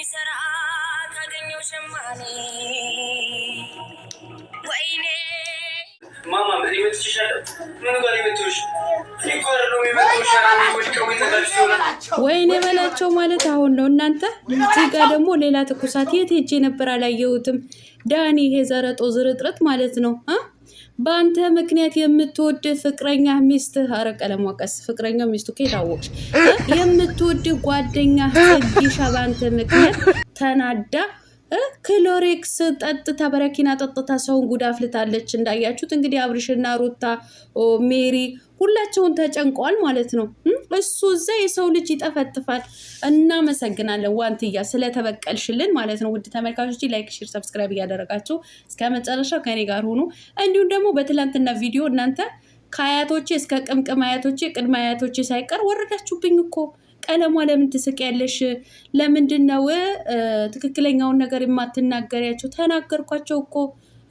የሚሰራ ካገኘው ሸማኔ ወይኔ ማማ ምን ወይኔ በላቸው ማለት አሁን ነው። እናንተ እዚህ ጋ ደግሞ ሌላ ትኩሳት የት ሄጄ ነበር አላየሁትም። ዳኒ ይሄ ዘረጦ ዝርጥርጥ ማለት ነው። በአንተ ምክንያት የምትወድ ፍቅረኛ ሚስት አረ ቀለም ወቀስ ፍቅረኛው ሚስቱ ከየት አወቅሽ? የምትወድ ጓደኛ ህጊሻ በአንተ ምክንያት ተናዳ ክሎሬክስ ጠጥታ በረኪና ጠጥታ ሰውን ጉድ አፍልታለች። እንዳያችሁት እንግዲህ አብርሽና ሩታ ሜሪ ሁላቸውን ተጨንቀዋል ማለት ነው። እሱ እዛ የሰው ልጅ ይጠፈጥፋል። እናመሰግናለን ዋንትያ ስለተበቀልሽልን ማለት ነው። ውድ ተመልካቾች ላይክ፣ ሼር፣ ሰብስክራይብ እያደረጋችሁ እስከ መጨረሻው ከኔ ጋር ሆኑ። እንዲሁም ደግሞ በትላንትና ቪዲዮ እናንተ ከአያቶቼ እስከ ቅምቅም አያቶቼ ቅድመ አያቶቼ ሳይቀር ወረዳችሁብኝ እኮ ቀለሟ ለምን ትስቂያለሽ? ለምንድን ነው ትክክለኛውን ነገር የማትናገሪያቸው? ተናገርኳቸው እኮ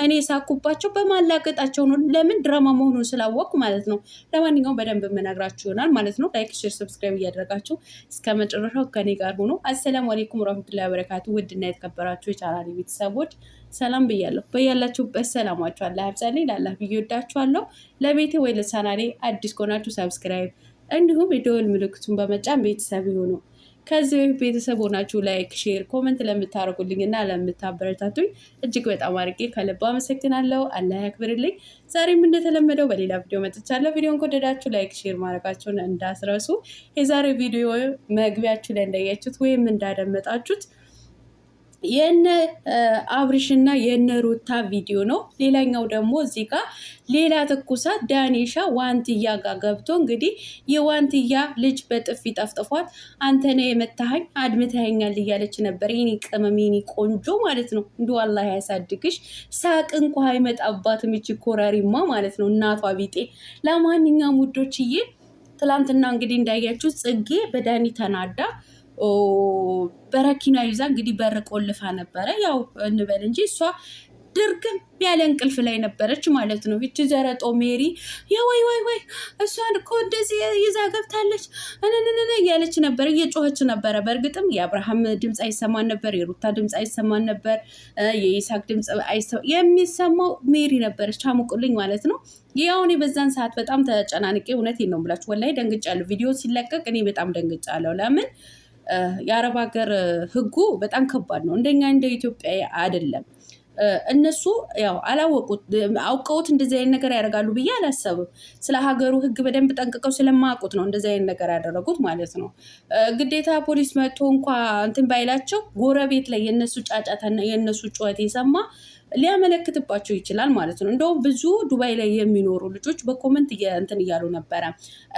እኔ ሳኩባቸው በማላገጣቸው ነው። ለምን ድራማ መሆኑን ስላወቅ ማለት ነው። ለማንኛውም በደንብ የምነግራችሁ ይሆናል ማለት ነው። ላይክ፣ ሼር፣ ሰብስክራይብ እያደረጋችሁ እስከ መጨረሻው ከኔ ጋር ሆኖ አሰላሙ አሌይኩም ረህመቱላሂ በረካቱ። ውድና የተከበራችሁ የቻናሌ ቤተሰቦች ሰላም ብያለሁ። በያላችሁበት ሰላማችሁ አላህ ያብዛልኝ። ላላህ ብዬ ወዳችኋለሁ። ለቤቴ ወይ ለቻናሌ አዲስ ከሆናችሁ ሰብስክራይብ እንዲሁም የደወል ምልክቱን በመጫን ቤተሰብ ይሁኑ። ከዚህ ቤተሰብ ሆናችሁ ላይክ፣ ሼር፣ ኮመንት ለምታደርጉልኝ እና ለምታበረታቱኝ እጅግ በጣም አድርጌ ከልብ አመሰግናለሁ። አላህ ያክብርልኝ። ዛሬም እንደተለመደው በሌላ ቪዲዮ መጥቻለሁ። ቪዲዮን ከወደዳችሁ ላይክ፣ ሼር ማድረጋችሁን እንዳስረሱ። የዛሬ ቪዲዮ መግቢያችሁ ላይ እንዳያችሁት ወይም እንዳደመጣችሁት የነ አብርሽና የነ ሩታ ቪዲዮ ነው። ሌላኛው ደግሞ እዚህ ጋር ሌላ ትኩሳት ዳኒሻ ዋንትያ ጋር ገብቶ እንግዲህ የዋንትያ ልጅ በጥፊ ጠፍጥፏት አንተ ነህ የመታኸኝ አድምተኸኛል እያለች ነበር። የኔ ቅመም የኔ ቆንጆ ማለት ነው። እንዲ አላህ ያሳድግሽ። ሳቅ እንኳ አይመጣባት ምች ኮራሪማ ማለት ነው እናቷ ቢጤ። ለማንኛውም ውዶችዬ ትላንትና እንግዲህ እንዳያችሁ ጽጌ በዳኒ ተናዳ በረኪና ይዛ እንግዲህ በር ቆልፋ ነበረ። ያው እንበል እንጂ እሷ ድርግም ያለ እንቅልፍ ላይ ነበረች ማለት ነው። ይቺ ዘረጦ ሜሪ የወይ ወይ ወይ እሷን እኮ እንደዚህ ይዛ ገብታለች እንንንን እያለች ነበር፣ እየጮኸች ነበረ። በእርግጥም የአብርሃም ድምፅ አይሰማን ነበር፣ የሩታ ድምፅ አይሰማን ነበር፣ የይስሐቅ ድምፅ አይሰማ የሚሰማው ሜሪ ነበረች። አሙቁልኝ ማለት ነው። ያውን በዛን ሰዓት በጣም ተጨናንቄ እውነቴን ነው የምላችሁ፣ ወላሂ ደንግጫለሁ። ቪዲዮ ሲለቀቅ እኔ በጣም ደንግጫለሁ። ለምን የአረብ ሀገር ህጉ በጣም ከባድ ነው። እንደኛ እንደ ኢትዮጵያ አይደለም። እነሱ ያው አላወቁት አውቀውት እንደዚህ አይነት ነገር ያደርጋሉ ብዬ አላሰብም። ስለ ሀገሩ ሕግ በደንብ ጠንቅቀው ስለማያውቁት ነው እንደዚህ አይነት ነገር ያደረጉት ማለት ነው። ግዴታ ፖሊስ መጥቶ እንኳ እንትን ባይላቸው ጎረቤት ላይ የነሱ ጫጫታና የነሱ ጩኸት የሰማ ሊያመለክትባቸው ይችላል ማለት ነው። እንደውም ብዙ ዱባይ ላይ የሚኖሩ ልጆች በኮመንት እንትን እያሉ ነበረ።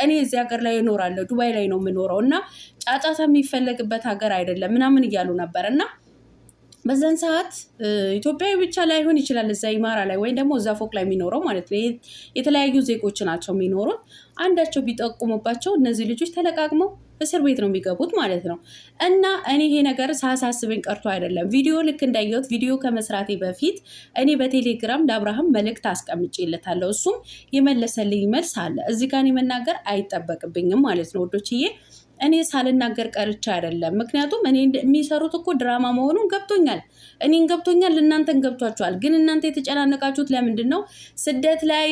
እኔ እዚህ ሀገር ላይ እኖራለሁ ዱባይ ላይ ነው የምኖረው እና ጫጫታ የሚፈለግበት ሀገር አይደለም ምናምን እያሉ ነበረ እና በዛን ሰዓት ኢትዮጵያዊ ብቻ ላይሆን ይችላል እዛ ኢማራ ላይ ወይም ደግሞ እዛ ፎቅ ላይ የሚኖረው ማለት ነው። የተለያዩ ዜጎች ናቸው የሚኖሩት። አንዳቸው ቢጠቁሙባቸው እነዚህ ልጆች ተለቃቅመው እስር ቤት ነው የሚገቡት ማለት ነው። እና እኔ ይሄ ነገር ሳሳስበኝ ቀርቶ አይደለም። ቪዲዮ ልክ እንዳየሁት ቪዲዮ ከመስራቴ በፊት እኔ በቴሌግራም ለአብርሃም መልእክት አስቀምጬለታለሁ። እሱም የመለሰልኝ መልስ አለ። እዚህ ጋር እኔ መናገር አይጠበቅብኝም ማለት ነው ወዶችዬ እኔ ሳልናገር ቀርቻ አይደለም። ምክንያቱም እኔ የሚሰሩት እኮ ድራማ መሆኑን ገብቶኛል። እኔን ገብቶኛል፣ እናንተን ገብቷችኋል። ግን እናንተ የተጨናነቃችሁት ለምንድን ነው? ስደት ላይ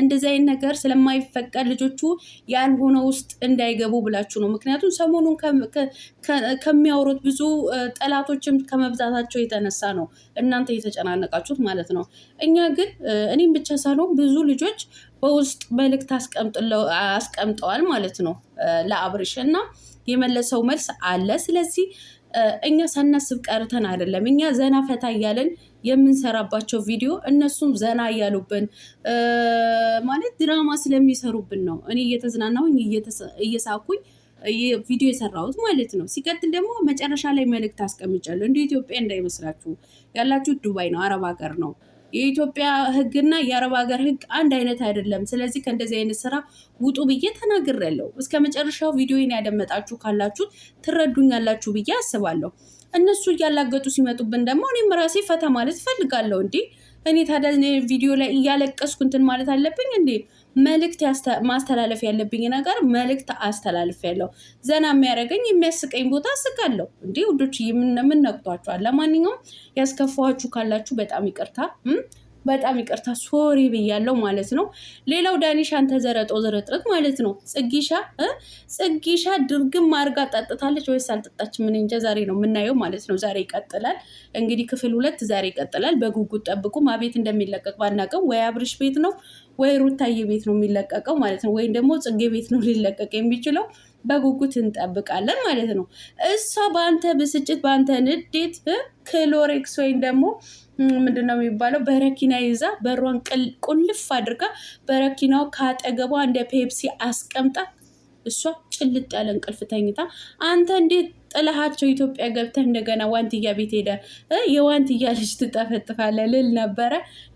እንደዚ አይነት ነገር ስለማይፈቀድ ልጆቹ ያልሆነ ውስጥ እንዳይገቡ ብላችሁ ነው። ምክንያቱም ሰሞኑን ከሚያወሩት ብዙ ጠላቶችም ከመብዛታቸው የተነሳ ነው እናንተ የተጨናነቃችሁት ማለት ነው። እኛ ግን እኔም ብቻ ሳልሆን ብዙ ልጆች በውስጥ መልእክት አስቀምጠዋል ማለት ነው ለአብርሽ እና የመለሰው መልስ አለ። ስለዚህ እኛ ሳናስብ ቀርተን አይደለም። እኛ ዘና ፈታ እያለን የምንሰራባቸው ቪዲዮ እነሱም ዘና እያሉብን ማለት ድራማ ስለሚሰሩብን ነው። እኔ እየተዝናናሁኝ እየሳኩኝ ቪዲዮ የሰራሁት ማለት ነው። ሲቀጥል ደግሞ መጨረሻ ላይ መልእክት አስቀምጫለሁ። እንደ ኢትዮጵያ እንዳይመስላችሁ ያላችሁ ዱባይ ነው፣ አረብ ሀገር ነው። የኢትዮጵያ ህግና የአረብ ሀገር ህግ አንድ አይነት አይደለም። ስለዚህ ከእንደዚህ አይነት ስራ ውጡ ብዬ ተናግሬያለሁ። እስከ መጨረሻው ቪዲዮን ያደመጣችሁ ካላችሁ ትረዱኛላችሁ ብዬ አስባለሁ። እነሱ እያላገጡ ሲመጡብን ደግሞ እኔም ራሴ ፈታ ማለት እፈልጋለሁ። እንዴ እኔ ታዲያ ቪዲዮ ላይ እያለቀስኩ እንትን ማለት አለብኝ እንዴ? መልእክት ማስተላለፍ ያለብኝ ነገር መልእክት አስተላልፍ ያለው ዘና የሚያደርገኝ የሚያስቀኝ ቦታ አስቃለሁ። እንዲህ ውዶች የምነቅቷቸዋል። ለማንኛውም ያስከፋችሁ ካላችሁ በጣም ይቅርታ በጣም ይቅርታ ሶሪ ብያለው ማለት ነው። ሌላው ዳኒሻን ተዘረጦ ዘረጦ ዝርጥርጥ ማለት ነው። ጽጊሻ ጽጊሻ ድርግም አርጋ ጠጥታለች ወይስ አልጠጣች? ምን እንጃ። ዛሬ ነው የምናየው ማለት ነው። ዛሬ ይቀጥላል እንግዲህ ክፍል ሁለት ዛሬ ይቀጥላል። በጉጉት ጠብቁ። ማቤት እንደሚለቀቅ ባናውቅም ወይ አብርሽ ቤት ነው ወይ ሩታዬ ቤት ነው የሚለቀቀው ማለት ነው፣ ወይም ደግሞ ጽጌ ቤት ነው ሊለቀቅ የሚችለው። በጉጉት እንጠብቃለን ማለት ነው። እሷ በአንተ ብስጭት፣ በአንተ ንዴት ክሎሬክስ ወይም ደግሞ ምንድን ነው የሚባለው በረኪና ይዛ በሯን ቁልፍ አድርጋ በረኪናው ከአጠገቧ እንደ ፔፕሲ አስቀምጣ እሷ ጭልጥ ያለ እንቅልፍ ተኝታ አንተ እንዴት ጥለሃቸው ኢትዮጵያ ገብተህ እንደገና ዋንትያ ቤት ሄደ የዋንትያ ልጅ ትጠፈጥፋለ ልል ነበረ።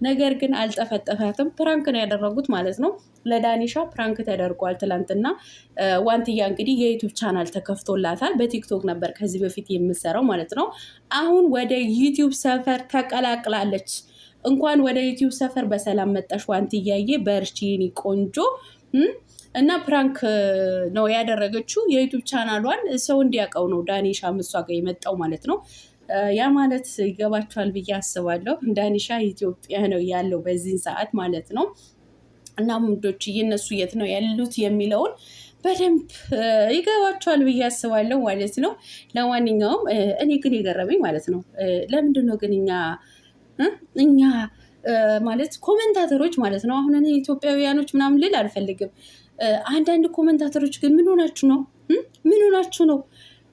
ነገር ግን አልጠፈጠፋትም። ፕራንክ ነው ያደረጉት ማለት ነው። ለዳኒሻ ፕራንክ ተደርጓል ትላንትና። ዋንትያ እንግዲህ የዩቱብ ቻናል ተከፍቶላታል። በቲክቶክ ነበር ከዚህ በፊት የምሰራው ማለት ነው። አሁን ወደ ዩቲዩብ ሰፈር ተቀላቅላለች። እንኳን ወደ ዩቱብ ሰፈር በሰላም መጣሽ ዋንትያዬ፣ በርቺ የኔ ቆንጆ እና ፕራንክ ነው ያደረገችው። የዩቱብ ቻናሏን ሰው እንዲያውቀው ነው ዳኒሻ ምሷ ጋር የመጣው ማለት ነው። ያ ማለት ይገባችኋል ብዬ አስባለሁ። ዳኒሻ ኢትዮጵያ ነው ያለው በዚህን ሰዓት ማለት ነው። እና ምንዶች እየነሱ የት ነው ያሉት የሚለውን በደንብ ይገባቸዋል ብዬ አስባለሁ ማለት ነው። ለማንኛውም እኔ ግን የገረመኝ ማለት ነው ለምንድን ነው ግን እኛ እኛ ማለት ኮመንታተሮች ማለት ነው አሁን እኔ ኢትዮጵያውያኖች ምናምን ልል አልፈልግም አንዳንድ ኮመንታተሮች ግን ምን ሆናችሁ ነው? ምን ሆናችሁ ነው?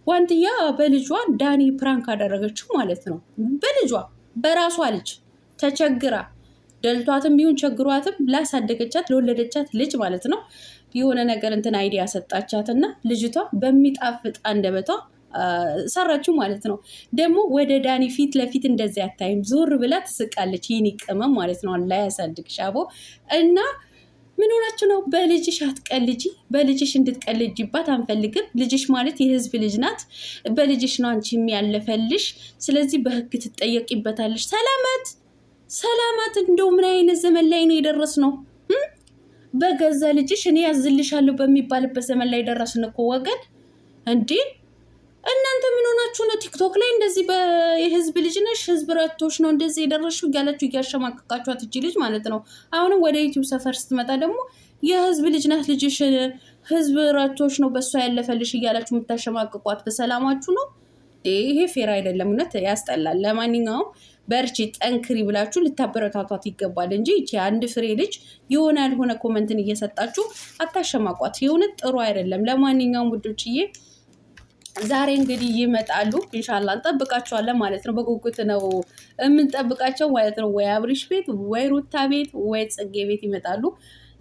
ዋንትያ በልጇ ዳኒ ፕራንክ አደረገችው ማለት ነው። በልጇ በራሷ ልጅ ተቸግራ ደልቷትም ቢሆን ቸግሯትም ላሳደገቻት ለወለደቻት ልጅ ማለት ነው የሆነ ነገር እንትን አይዲያ ሰጣቻትና ልጅቷ በሚጣፍጥ አንደበቷ ሰራችው ማለት ነው። ደግሞ ወደ ዳኒ ፊት ለፊት እንደዚህ አታይም፣ ዞር ብላ ትስቃለች። ይህን ይቅመም ማለት ነው። ላይ ያሳድግ ሻቦ እና ምን ሆናችሁ ነው? በልጅሽ አትቀልጂ። በልጅሽ እንድትቀልጅባት አንፈልግም። ልጅሽ ማለት የህዝብ ልጅ ናት። በልጅሽ ነው አንቺ የሚያለፈልሽ። ስለዚህ በህግ ትጠየቂበታለሽ። ሰላማት ሰላማት፣ እንደው ምን አይነት ዘመን ላይ ነው የደረስ ነው? በገዛ ልጅሽ እኔ ያዝልሻለሁ በሚባልበት ዘመን ላይ ደረስን እኮ ወገን እንዴ እናንተ ምን ሆናችሁ ነው ቲክቶክ ላይ እንደዚህ የህዝብ ልጅ ነሽ ህዝብ ረቶች ነው እንደዚህ የደረሽው እያላችሁ እያሸማቀቃችኋት እጅ ልጅ ማለት ነው። አሁንም ወደ ዩቲዩብ ሰፈር ስትመጣ ደግሞ የህዝብ ልጅ ናት ልጅሽ ህዝብ ረቶች ነው በእሷ ያለፈልሽ እያላችሁ የምታሸማቅቋት በሰላማችሁ ነው። ይሄ ፌር አይደለም፣ እውነት ያስጠላል። ለማንኛውም በርቺ፣ ጠንክሪ ብላችሁ ልታበረታቷት ይገባል እንጂ ይቺ አንድ ፍሬ ልጅ የሆነ ያልሆነ ኮመንትን እየሰጣችሁ አታሸማቋት። የእውነት ጥሩ አይደለም። ለማንኛውም ውዶችዬ ዛሬ እንግዲህ ይመጣሉ እንሻላ እንጠብቃቸዋለን ማለት ነው። በጉጉት ነው የምንጠብቃቸው ማለት ነው። ወይ አብሪሽ ቤት ወይ ሩታ ቤት ወይ ጽጌ ቤት ይመጣሉ።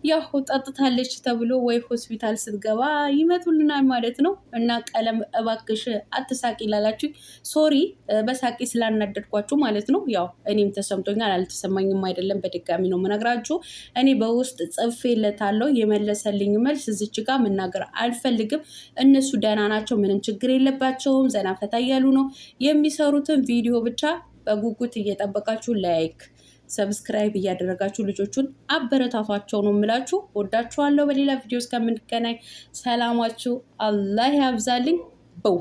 ያው ጠጥታለች ተብሎ ወይ ሆስፒታል ስትገባ ይመቱልናል ማለት ነው። እና ቀለም እባክሽ አትሳቂ ላላችሁ ሶሪ፣ በሳቂ ስላናደድኳችሁ ማለት ነው። ያው እኔም ተሰምቶኛል፣ አልተሰማኝም አይደለም፣ በድጋሚ ነው የምነግራችሁ። እኔ በውስጥ ጽፌለታለሁ፣ የመለሰልኝ መልስ እዚች ጋር መናገር አልፈልግም። እነሱ ደህና ናቸው፣ ምንም ችግር የለባቸውም፣ ዘና ፈታ እያሉ ነው የሚሰሩትን ቪዲዮ ብቻ በጉጉት እየጠበቃችሁ ላይክ ሰብስክራይብ እያደረጋችሁ ልጆቹን አበረታቷቸው ነው የምላችሁ። ወዳችኋለሁ። በሌላ ቪዲዮ እስከምንገናኝ ሰላማችሁ አላህ ያብዛልኝ በው